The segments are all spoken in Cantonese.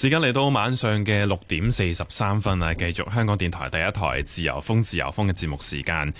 時間嚟到晚上嘅六點四十三分啊，繼續香港電台第一台自由風、自由風嘅節目時間。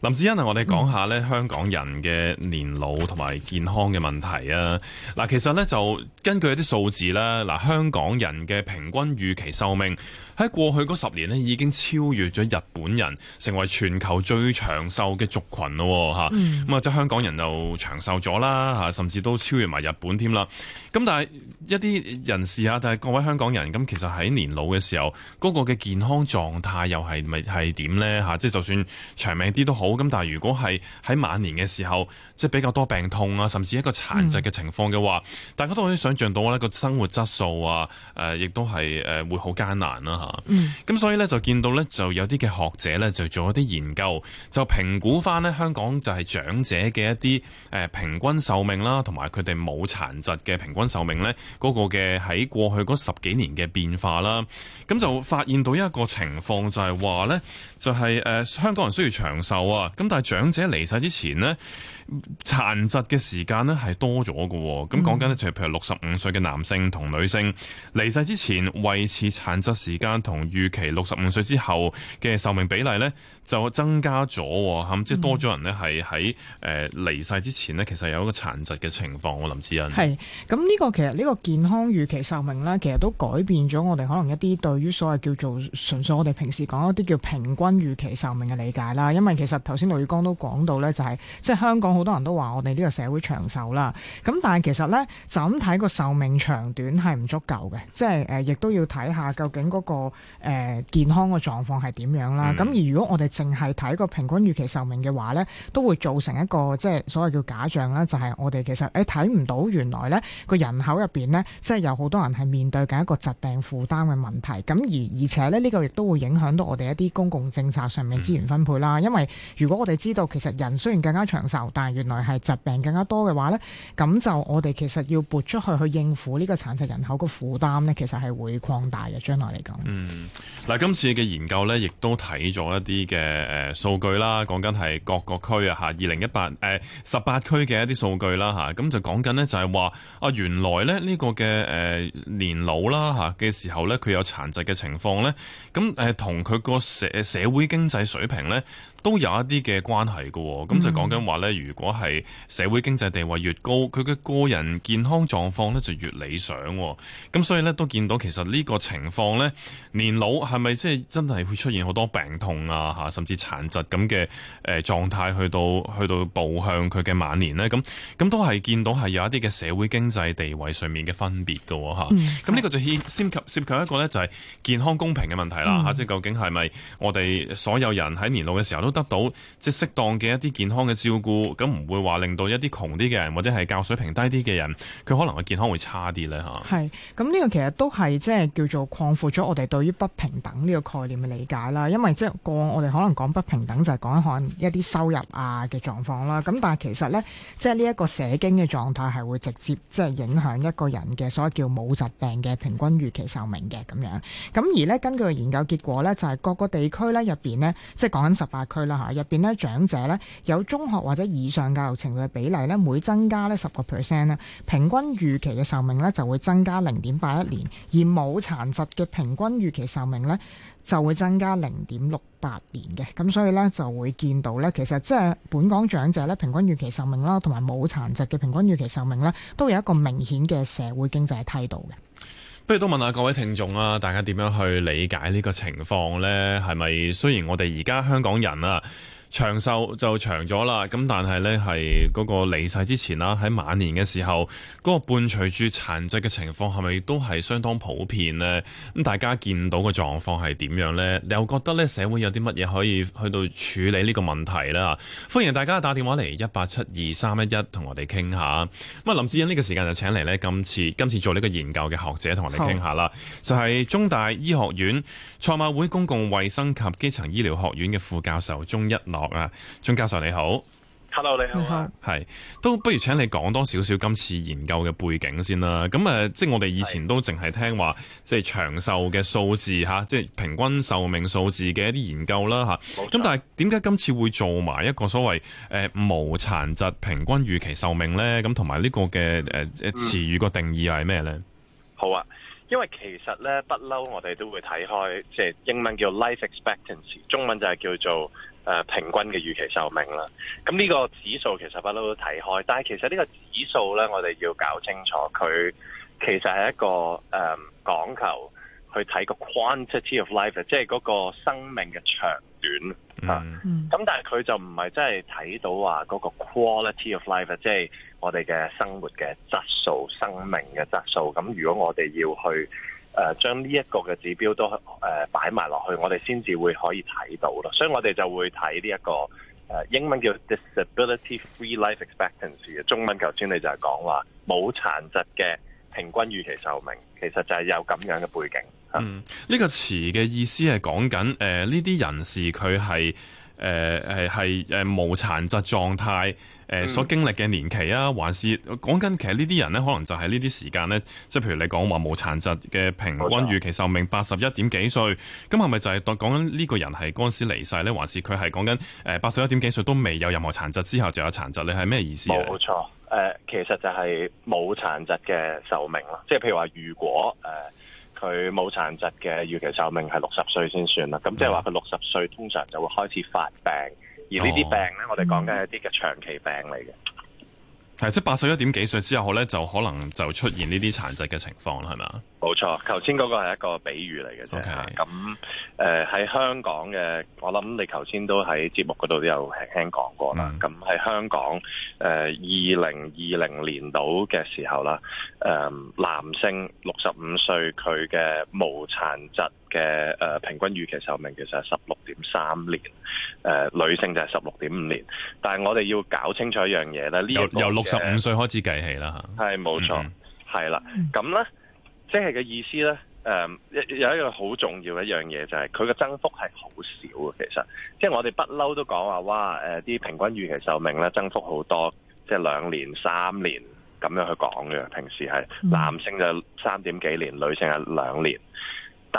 林志欣啊，我哋講下咧香港人嘅年老同埋健康嘅問題啊。嗱，其實咧就根據一啲數字咧，嗱香港人嘅平均預期壽命喺過去嗰十年咧已經超越咗日本人，成為全球最長壽嘅族群咯，吓咁啊！即係香港人又長壽咗啦，吓甚至都超越埋日本添啦。咁但係一啲人士啊，但係各位香港人咁，其實喺年老嘅時候，嗰、個嘅健康狀態又係咪係點咧？吓，即係就算長命啲都好。好咁，但係如果係喺晚年嘅時候，即係比較多病痛啊，甚至一個殘疾嘅情況嘅話，嗯、大家都可以想象到咧個生活質素啊，誒、呃，亦都係誒會好艱難啦、啊、吓。咁、嗯、所以咧就見到咧就有啲嘅學者咧就做了一啲研究，就評估翻咧香港就係長者嘅一啲誒平均壽命啦，同埋佢哋冇殘疾嘅平均壽命咧，嗰個嘅喺過去十幾年嘅變化啦，咁就發現到一個情況就係話咧就係、是、誒、呃、香港人需要長壽啊。咁、嗯、但係長者離世之前呢，殘疾嘅時間呢係多咗喎。咁講緊呢就係譬如六十五歲嘅男性同女性離世之前，維持殘疾時間同預期六十五歲之後嘅壽命比例呢，就增加咗，吓、嗯嗯，即係多咗人呢，係喺誒離世之前呢，其實有一個殘疾嘅情況。我林志恩係，咁呢個其實呢、這個健康預期壽命呢，其實都改變咗我哋可能一啲對於所謂叫做純粹我哋平時講一啲叫平均預期壽命嘅理解啦，因為其實。頭先陸宇光都講到咧，就係即係香港好多人都話我哋呢個社會長壽啦。咁但係其實咧，就咁睇個壽命長短係唔足夠嘅，即係亦、呃、都要睇下究竟嗰、那個、呃、健康嘅狀況係點樣啦。咁、嗯、而如果我哋淨係睇個平均預期壽命嘅話咧，都會造成一個即係所謂叫假象啦。就係、是、我哋其實誒睇唔到原來咧個人口入面咧，即係有好多人係面對緊一個疾病負擔嘅問題。咁而而且咧，呢、這個亦都會影響到我哋一啲公共政策上面資源分配啦、嗯，因為如果我哋知道，其實人雖然更加長壽，但係原來係疾病更加多嘅話呢，咁就我哋其實要撥出去去應付呢個殘疾人口嘅負擔呢，其實係會擴大嘅。將來嚟講，嗯，嗱，今次嘅研究呢亦都睇咗一啲嘅誒數據啦，講緊係各個區啊，吓，二零一八，十八區嘅一啲數據啦，吓，咁就講緊呢，就係話原來呢個嘅年老啦嘅時候呢，佢有殘疾嘅情況呢，咁同佢個社社會經濟水平呢。都有一啲嘅關係嘅，哦，咁就講緊話咧。如果係社會經濟地位越高，佢嘅個人健康狀況咧就越理想，哦。咁所以咧都見到其實呢個情況咧，年老係咪即係真係會出現好多病痛啊？吓，甚至殘疾咁嘅誒狀態，去到去到步向佢嘅晚年咧。咁咁都係見到係有一啲嘅社會經濟地位上面嘅分別嘅吓。咁呢個就牽涉及涉及一個咧，就係、是、健康公平嘅問題啦。吓，嗯，即係究竟係咪我哋所有人喺年老嘅時候都？都得到即適當嘅一啲健康嘅照顧，咁唔會話令到一啲窮啲嘅人或者係教水平低啲嘅人，佢可能嘅健康會差啲咧吓，係咁，呢個其實都係即係叫做擴闊咗我哋對於不平等呢個概念嘅理解啦。因為即係過我哋可能講不平等就係講一可能一啲收入啊嘅狀況啦。咁但係其實咧，即係呢一個社經嘅狀態係會直接即係影響一個人嘅所謂叫冇疾病嘅平均預期壽命嘅咁樣，咁而咧根據研究結果咧，就係、是、各個地區咧入邊咧，即係講緊十八入邊咧，長者咧有中學或者以上教育程度嘅比例咧，每增加咧十個 percent 咧，平均預期嘅壽命咧就會增加零點八一年；而冇殘疾嘅平均預期壽命咧就會增加零點六八年嘅。咁所以咧就會見到咧，其實即係本港長者咧平均預期壽命啦，同埋冇殘疾嘅平均預期壽命咧，都有一個明顯嘅社會經濟梯度嘅。不如都問下各位聽眾啊，大家點樣去理解呢個情況呢？係咪雖然我哋而家香港人啊？長壽就長咗啦，咁但係呢，係嗰個離世之前啦，喺晚年嘅時候，嗰、那個伴隨住殘疾嘅情況係咪都係相當普遍呢？咁大家見到嘅狀況係點樣呢？你又覺得呢社會有啲乜嘢可以去到處理呢個問題呢？歡迎大家打電話嚟一八七二三一一，同我哋傾下。咁啊，林志恩呢個時間就請嚟呢，今次今次做呢個研究嘅學者同我哋傾下啦、嗯，就係、是、中大醫學院賽馬會公共衛生及基層醫療學院嘅副教授鍾一諾學啊，鍾教授你好，Hello，你好。係都不如，請你講多少少今次研究嘅背景先啦。咁啊，即係我哋以前都淨係聽話，即係長壽嘅數字吓，即係平均壽命數字嘅一啲研究啦吓。咁但係點解今次會做埋一個所謂誒、呃、無殘疾平均預期壽命咧？咁同埋呢個嘅誒詞語個定義係咩咧？好啊，因為其實咧不嬲，我哋都會睇開，即係英文叫 life expectancy，中文就係叫做。誒平均嘅預期壽命啦，咁呢個指數其實不嬲都睇開，但係其實呢個指數咧，我哋要搞清楚，佢其實係一個誒、嗯、講求去睇個 quantity of life 即係嗰個生命嘅長短。mm-hmm. 啊。咁但係佢就唔係真係睇到話嗰個 quality of life 即係我哋嘅生活嘅質素，生命嘅質素。咁如果我哋要去，誒將呢一個嘅指標都誒擺埋落去，我哋先至會可以睇到咯。所以我哋就會睇呢一個誒英文叫 Disability Free Life Expectancy 嘅中文，頭先你就係講話冇殘疾嘅平均預期壽命，其實就係有咁樣嘅背景。嗯，呢個詞嘅意思係講緊誒呢啲人士佢係。誒誒係誒無殘疾狀態、呃、所經歷嘅年期啊，還是講緊其實呢啲人咧，可能就係呢啲時間咧，即譬如你講話無殘疾嘅平均預期壽命八十一點幾歲，咁係咪就係當講緊呢個人係剛先離世咧，還是佢係講緊八十一點幾歲都未有任何殘疾之後就有殘疾咧？你係咩意思？冇錯，誒、呃、其實就係冇殘疾嘅壽命咯，即係譬如話如果誒。呃佢冇殘疾嘅預期壽命係六十歲先算啦，咁即係話佢六十歲通常就會開始發病，而呢啲病咧，哦、我哋講緊係一啲嘅長期病嚟嘅。係，即八十一點幾歲之後咧，就可能就出現呢啲殘疾嘅情況啦，係嘛？冇錯，頭先嗰個係一個比喻嚟嘅啫。咁誒喺香港嘅，我諗你頭先都喺節目嗰度都有輕輕講過啦。咁、mm. 喺香港誒二零二零年度嘅時候啦，誒、呃、男性六十五歲佢嘅無殘疾。嘅誒，平均預期壽命其實係十六點三年，誒、呃，女性就係十六點五年，但係我哋要搞清楚一樣嘢咧，呢由六十五歲開始計起啦，吓係冇錯，係啦，咁咧即係嘅意思咧，誒、呃，有一個好重要一樣嘢就係佢個增幅係好少嘅，其實即係、就是、我哋不嬲都講話哇，誒、呃，啲平均預期壽命咧，增幅好多，即係兩年、三年咁樣去講嘅，平時係、嗯、男性就三點幾年，女性係兩年。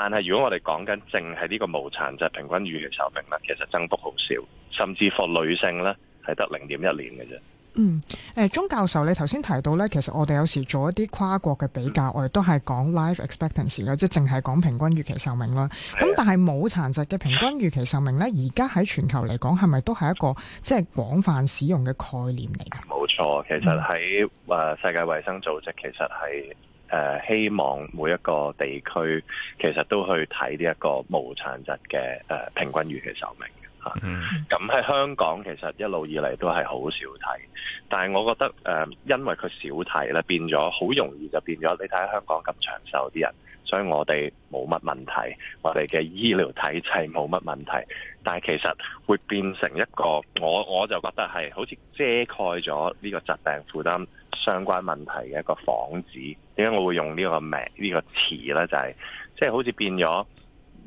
但係，如果我哋講緊淨係呢個無殘疾平均預期壽命呢，其實增幅好少，甚至乎女性呢係得零點一年嘅啫。嗯，呃、鐘教授，你頭先提到呢，其實我哋有時做一啲跨國嘅比較，嗯、我哋都係講 life expectancy、嗯、即係淨係講平均預期壽命啦。咁、嗯、但係冇殘疾嘅平均預期壽命呢，而家喺全球嚟講，係咪都係一個即係、就是、廣泛使用嘅概念嚟㗎？冇錯，其實喺世界衛生組織，其實係。誒希望每一個地區其實都去睇呢一個無殘疾嘅誒平均預期壽命。咁、嗯、喺香港，其實一路以嚟都係好少睇，但係我覺得誒、呃，因為佢少睇咧，變咗好容易就變咗。你睇下香港咁長壽啲人，所以我哋冇乜問題，我哋嘅醫療體制冇乜問題，但係其實會變成一個，我我就覺得係好似遮蓋咗呢個疾病負擔相關問題嘅一個幌子。點解我會用呢個名呢、呢個詞咧？就係即係好似變咗。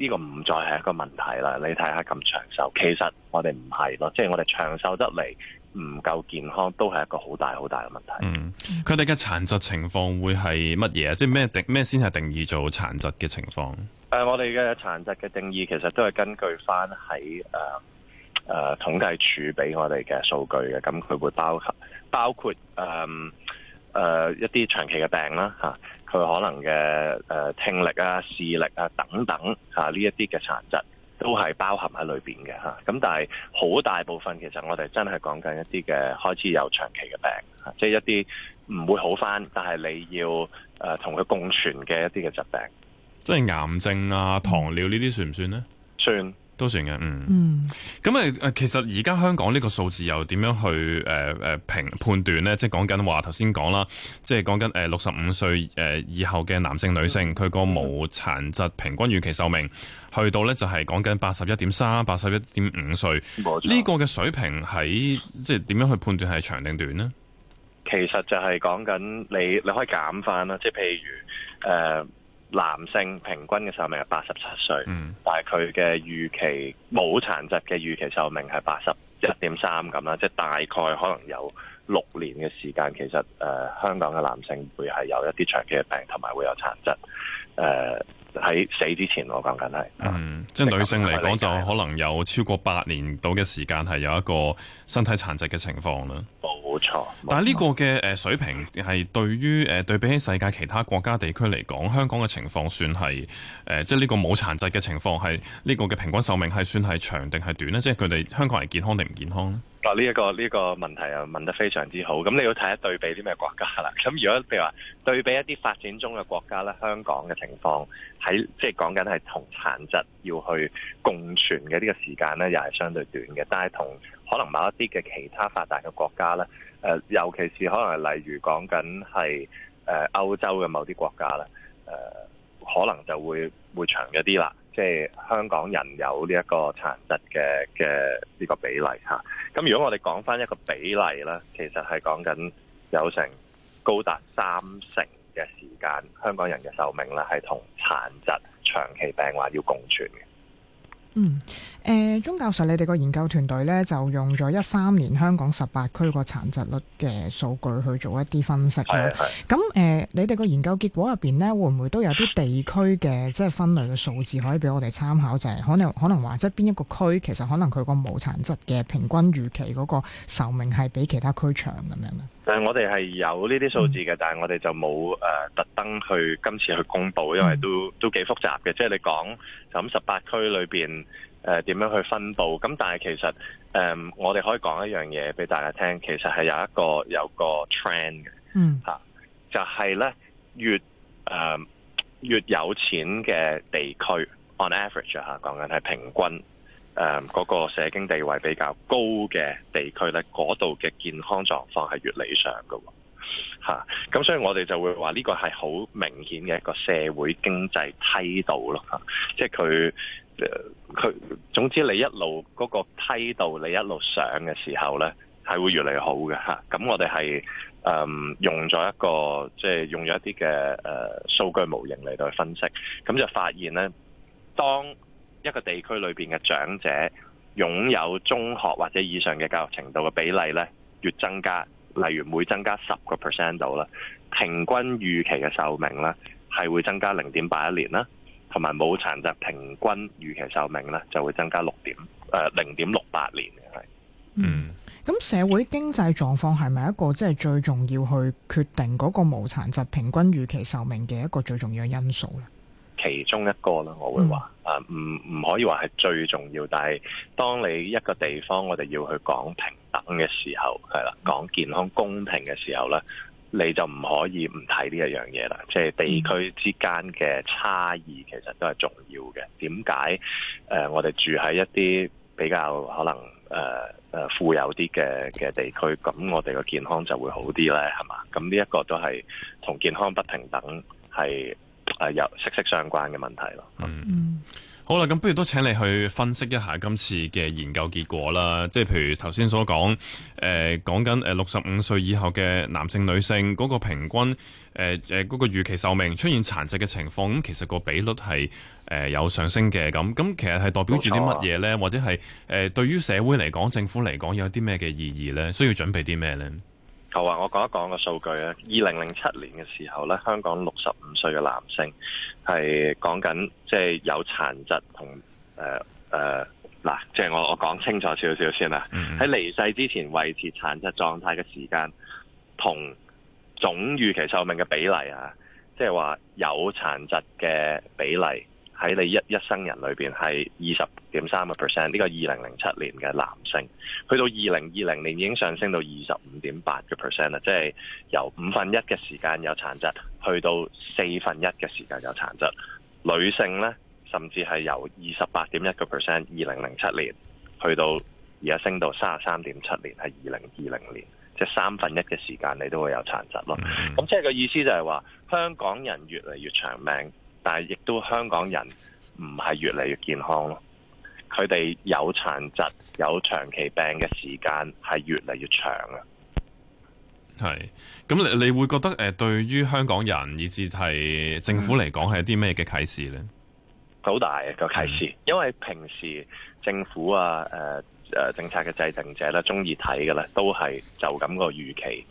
呢個唔再係一個問題啦，你睇下咁長壽，其實我哋唔係咯，即係我哋長壽得嚟唔夠健康，都係一個好大好大嘅問題。嗯，佢哋嘅殘疾情況會係乜嘢啊？即係咩定咩先係定義做殘疾嘅情況？誒、呃，我哋嘅殘疾嘅定義其實都係根據返喺誒誒統計處俾我哋嘅數據嘅，咁佢會包括包括誒誒、呃呃、一啲長期嘅病啦嚇。啊佢可能嘅誒聽力啊、視力啊等等嚇，呢一啲嘅殘疾都係包含喺裏邊嘅咁、啊、但係好大部分其實我哋真係講緊一啲嘅開始有長期嘅病，啊就是啊、病，即係一啲唔會好返，但係你要誒同佢共存嘅一啲嘅疾病，即係癌症啊、糖尿呢啲算唔算呢？算。都算嘅，嗯。咁、嗯、啊，其實而家香港呢個數字又點樣去誒誒評判斷呢？即係講緊，話頭先講啦，即係講緊誒六十五歲誒以後嘅男性女性，佢個無殘疾平均預期壽命去到呢就係講緊八十一點三、八十一點五歲。呢、這個嘅水平喺即係點樣去判斷係長定短呢？其實就係講緊你你可以減返啦，即係譬如誒。呃男性平均嘅壽命係八十七歲，嗯、但係佢嘅預期冇殘疾嘅預期壽命係八十一點三咁啦，即係大概可能有六年嘅時間，其實誒、呃、香港嘅男性會係有一啲長期嘅病，同埋會有殘疾，誒、呃、喺死之前我講緊係，嗯，即係女性嚟講就可能有超過八年到嘅時間係有一個身體殘疾嘅情況啦。嗯冇錯，但係呢個嘅誒水平係對於誒對比起世界其他國家地區嚟講，香港嘅情況算係誒，即係呢個冇殘疾嘅情況係呢個嘅平均壽命係算係長定係短呢？即係佢哋香港人係健康定唔健康？嗱、這個，呢一個呢個問題啊，問得非常之好。咁你要睇一下對比啲咩國家啦。咁如果譬如話對比一啲發展中嘅國家咧，香港嘅情況喺即係講緊係同殘疾要去共存嘅呢個時間咧，又係相對短嘅。但係同可能某一啲嘅其他發達嘅國家咧、呃，尤其是可能係例如講緊係誒歐洲嘅某啲國家啦，誒、呃，可能就會會長一啲啦。即係香港人有呢一個殘疾嘅嘅呢個比例嚇咁如果我哋講翻一個比例咧，其實係講緊有成高達三成嘅時間，香港人嘅壽命咧係同殘疾、長期病患要共存嘅。嗯，誒、呃，鍾教授，你哋個研究團隊咧就用咗一三年香港十八區個殘疾率嘅數據去做一啲分析。係係。咁誒、呃，你哋個研究結果入邊咧，會唔會都有啲地區嘅即係分類嘅數字可以俾我哋參考？就係、是、可能可能話，即係邊一個區其實可能佢個無殘疾嘅平均預期嗰個壽命係比其他區長咁樣咧。誒，我哋係有呢啲數字嘅，mm. 但係我哋就冇誒特登去今次去公布，因為都都幾複雜嘅。即係你講就咁十八區裏面誒點、呃、樣去分佈？咁但係其實、呃、我哋可以講一樣嘢俾大家聽，其實係有一個有個 trend 嘅，嗯、mm. 啊、就係、是、咧越、呃、越有錢嘅地區，on average 嚇、啊，講緊係平均。誒、嗯、嗰、那個社經地位比較高嘅地區咧，嗰度嘅健康狀況係越理想㗎喎，咁、啊、所以我哋就會話呢個係好明顯嘅一個社會經濟梯度咯，即係佢，佢、啊啊啊啊、總之你一路嗰、那個梯度你一路上嘅時候咧，係會越嚟越好嘅。咁、啊、我哋係誒用咗一個即係、就是、用咗一啲嘅誒數據模型嚟到去分析，咁就發現咧，當一個地區裏邊嘅長者擁有中學或者以上嘅教育程度嘅比例咧，越增加，例如每增加十個 percent 度啦，平均預期嘅壽命咧係會增加零點八一年啦，同埋冇殘疾平均預期壽命咧就會增加六點誒零點六八年嘅係。嗯，咁社會經濟狀況係咪一個即係、就是、最重要去決定嗰個冇殘疾平均預期壽命嘅一個最重要嘅因素咧？其中一個啦，我會話啊，唔唔可以話係最重要，但係當你一個地方我哋要去講平等嘅時候，係啦，講健康公平嘅時候咧，你就唔可以唔睇呢一樣嘢啦。即係地區之間嘅差異其實都係重要嘅。點解誒？我哋住喺一啲比較可能誒誒富有啲嘅嘅地區，咁我哋嘅健康就會好啲咧，係嘛？咁呢一個都係同健康不平等係。誒、呃，有息息相關嘅問題咯，嗯。嗯，好啦，咁不如都請你去分析一下今次嘅研究結果啦。即係譬如頭先所講，誒、呃，講緊誒六十五歲以後嘅男性、女性嗰個平均，誒、呃、誒，嗰個預期壽命出現殘疾嘅情況，咁其實個比率係誒、呃、有上升嘅。咁咁其實係代表住啲乜嘢咧？或者係誒、呃、對於社會嚟講，政府嚟講，有啲咩嘅意義咧？需要準備啲咩咧？我話我講一講個數據咧，二零零七年嘅時候咧，香港六十五歲嘅男性係講緊即係有殘疾同誒誒，嗱、呃，即、呃、係、就是、我我講清楚少少先啦。喺、mm-hmm. 離世之前維持殘疾狀態嘅時間同總預期壽命嘅比例啊，即係話有殘疾嘅比例。喺你一一生人裏邊係二十點三個 percent，呢個二零零七年嘅男性，去到二零二零年已經上升到二十五點八個 percent 啦，即係由五分一嘅時間有殘疾，去到四分一嘅時間有殘疾。女性呢，甚至係由二十八點一個 percent，二零零七年去到而家升到三十三點七年，係二零二零年，即三分一嘅時間你都會有殘疾咯。咁即係個意思就係話，香港人越嚟越長命。但係，亦都香港人唔係越嚟越健康咯。佢哋有殘疾、有長期病嘅時間係越嚟越長啊。係，咁你你會覺得誒，對於香港人，以至係政府嚟講，係一啲咩嘅啟示咧？好、嗯、大嘅啟示、嗯，因為平時政府啊，誒、呃、誒，政策嘅制定者咧，中意睇嘅咧，都係就咁個預期。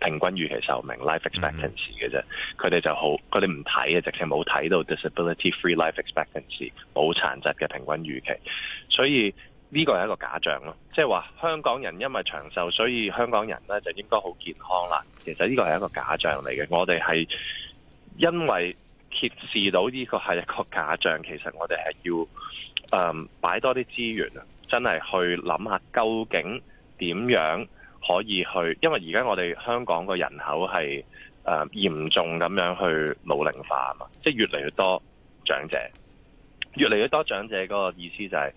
平均預期壽命 life expectancy 嘅啫，佢、mm-hmm. 哋就好，佢哋唔睇嘅，直情冇睇到 disability free life expectancy 冇殘疾嘅平均預期，所以呢、呢個係一個假象咯。即係話香港人因為長壽，所以香港人咧就應該好健康啦。其實呢個係一個假象嚟嘅，我哋係因為揭示到呢個係一個假象，其實我哋係要嗯擺多啲資源啊，真係去諗下究竟點樣。可以去，因為而家我哋香港個人口係誒嚴重咁樣去老齡化啊嘛，即係越嚟越多長者，越嚟越多長者嗰個意思就係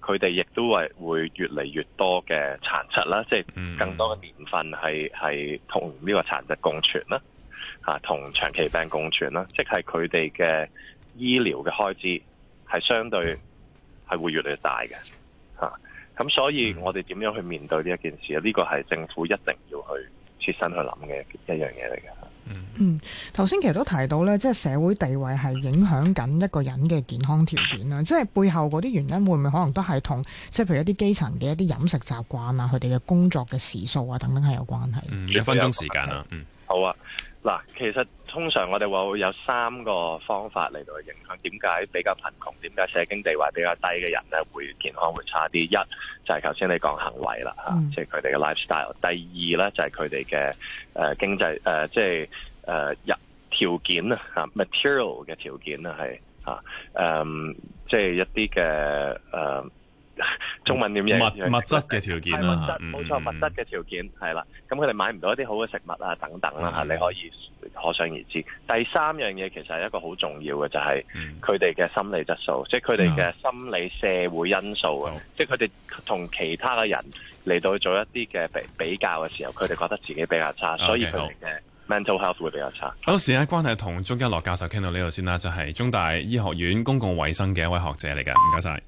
佢哋亦都係會越嚟越多嘅殘疾啦，即係更多嘅年份係係同呢個殘疾共存啦，吓、啊、同長期病共存啦，即係佢哋嘅醫療嘅開支係相對係會越嚟越大嘅，吓、啊。咁所以，我哋點樣去面對呢一件事咧？呢個係政府一定要去切身去諗嘅一樣嘢嚟嘅。嗯，頭先其實都提到咧，即係社會地位係影響緊一個人嘅健康條件啦。嗯。即係背後嗰啲原因，會唔會可能都係同即係譬如一啲基層嘅一啲飲食習慣啊，佢哋嘅工作嘅時數啊等等係有關係？嗯，一分鐘時間啦。嗯，好啊。嗱，其實通常我哋話會有三個方法嚟到去影響點解比較貧窮，點解社經地位比較低嘅人咧會健康會差啲？一就係頭先你講行為啦，嚇，即係佢哋嘅 lifestyle。第二咧就係佢哋嘅誒經濟誒，即係誒一條件啊、呃、m a t e r i a lmaterial 嘅條件啊係嚇即係一啲嘅。中文點嘢物物質嘅條件、啊、物質，冇錯，物質嘅條件係啦。咁佢哋買唔到一啲好嘅食物啊，等等啦吓、嗯，你可以可想而知。第三樣嘢其實係一個好重要嘅，就係佢哋嘅心理質素，嗯、即係佢哋嘅心理社會因素啊、嗯。即係佢哋同其他嘅人嚟到做一啲嘅比比較嘅時候，佢哋覺得自己比較差，嗯、所以佢哋嘅 mental health 會比較差。好，時間關係同鍾一諾教授傾到呢度先啦，就係、是、中大醫學院公共衛生嘅一位學者嚟㗎。唔該晒。